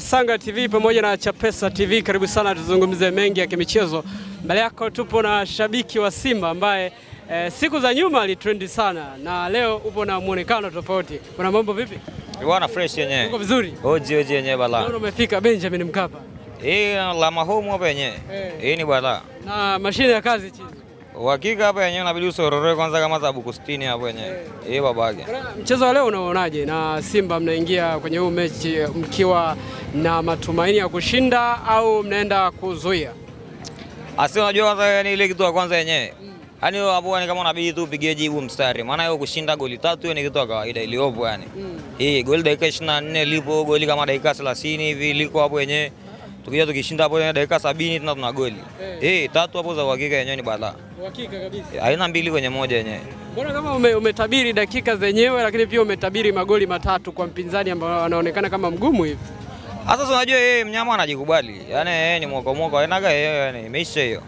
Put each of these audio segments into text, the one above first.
Sanga TV pamoja na Chapesa TV, karibu sana, tuzungumze mengi ya kimichezo. Mbele yako tupo na shabiki wa Simba ambaye e, siku za nyuma alitrendi sana na leo upo na mwonekano tofauti. Kuna mambo vipi? Bwana fresh yenyewe. Uko vizuri? Oji oji yenyewe bala. Leo umefika Benjamin Mkapa. Eh, la mahomo hapa yenyewe. Eh. Hii ni bala. Na mashine ya kazi chini. Uhakika hapa yenyewe inabidi usororoe kwanza kama za buku 60 hapo yenyewe. Eh, babage. Mchezo wa leo unaonaje? Na Simba mnaingia kwenye huu mechi eh, mkiwa na matumaini ya kushinda au mnaenda kuzuia? Asi, unajua kwanza yani ile kitu ya kwanza yenyewe. Yaani hapo yani kama unabidi tu upigie jibu mstari. Maana hiyo kushinda goli tatu hiyo ni kitu ya kawaida iliyopo yani. Mm. Hii goli dakika 24 lipo, goli kama dakika 30 hivi liko hapo yenyewe tukija tukishinda hapo dakika sabini tena tuna goli hey. Eh. Eh, hey, tatu hapo za uhakika yenyewe ni balaa, uhakika kabisa, aina mbili kwenye moja yenyewe. Mbona kama ume, umetabiri dakika zenyewe, lakini pia umetabiri magoli matatu kwa mpinzani ambao anaonekana kama mgumu hivi. Sasa unajua yeye mnyama anajikubali, yaani yeye ni mwokomwoko ainaga, yeye yani imeisha hiyo.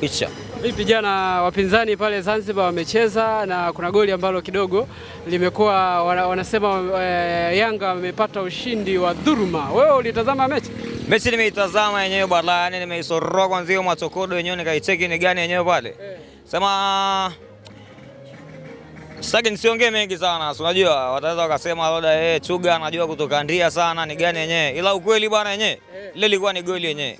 Kwisha. Vipi jana wapinzani pale Zanzibar wamecheza na kuna goli ambalo kidogo limekuwa wana, wanasema e, Yanga wamepata ushindi wa dhuruma. Wewe ulitazama mechi? Mechi nimeitazama yenyewe bwana, yani nimeisoroa kwanzia matokodo yenyewe nikaicheki ni gani yenyewe pale. Hey. Eh. Sema sitaki nisiongee mengi sana. Unajua wataweza wakasema labda eh, Chuga anajua kutokandia sana ni gani yenyewe. Ila ukweli bwana yenyewe. Hey. Eh ile ilikuwa ni goli yenyewe,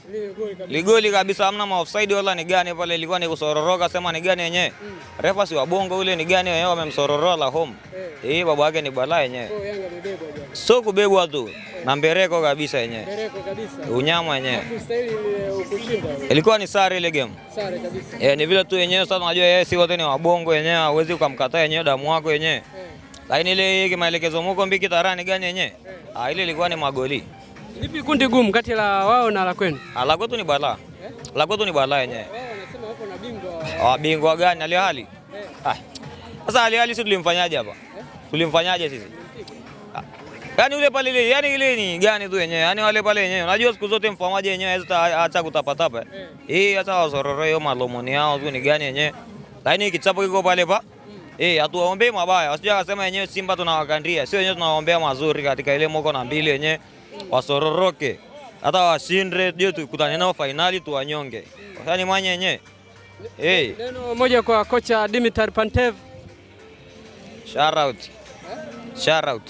goli kabisa, hamna ma offside wala ni gani pale, ilikuwa ni kusororoka, sema ni gani yenyewe mm. Refa si wabongo ule ni gani wenyewe, wamemsororoa la home eh, hey. Eh, hey, babu yake ni balaa yenyewe, oh, so kubebwa tu Hey. na mbereko kabisa yenyewe, unyama yenyewe, eh, ilikuwa ni sare ile game, sare kabisa eh, ni vile tu yenyewe. Sasa unajua yeye si wote ni wabongo yenyewe, hauwezi ukamkataa yenyewe damu yako yenyewe, eh. lakini ile kimaelekezo mko mbiki tarani gani yenyewe, ah, ile ilikuwa ni magoli Lipi kundi gumu kati la wao na la kwenu? Ah, la kwetu ni balaa. Eh? La kwetu ni balaa yenyewe. Wanasema wako na bingwa. Ah, bingwa gani Ali Hali? Eh. Ah. Sasa Ali Hali sisi tulimfanyaje hapa? Eh? Tulimfanyaje sisi? Ah. Yaani ule pale ile, yaani ile ni gani tu yenyewe? Yaani wale pale yenyewe. Unajua siku zote mfamaji yenyewe hata acha kutapatapa. Eh, hata wasororo yao malomoni yao tu ni gani yenyewe? Lakini kichapo kiko pale pa. Hmm. Eh, atuombe mabaya. Wasije wasema yenyewe Simba tunawakandia. Sio yenyewe tunawaombea mazuri katika ile moko na mbili yenyewe wasororoke, hata washinde dio, tukutane nao fainali tuwanyonge, wasani mwanyenye. Hey. Neno moja kwa kocha Dimitar Pantev. Shout out. Shout out.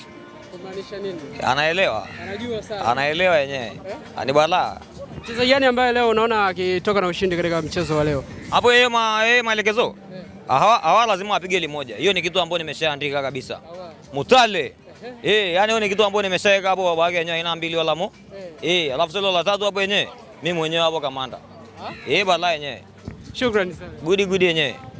Kumaanisha nini? Anaelewa. Anajua sana. Anaelewa yenyewe. Eh? Ani bala. Mchezaji gani ambaye leo unaona akitoka na ushindi katika mchezo wa leo? Hapo yeye ma yeye maelekezo. Eh. Hawa lazima apige ile moja. Hiyo ni kitu ambacho nimeshaandika kabisa. Mutale Eh, yani ni kitu ambacho nimeshaweka hapo babake yenyewe aina mbili wala mo. Eh, alafu sio la tatu hapo yenyewe. Mimi mwenyewe hapo kamanda. Eh, bala yenyewe. Shukrani sana. Gudi gudi yenyewe.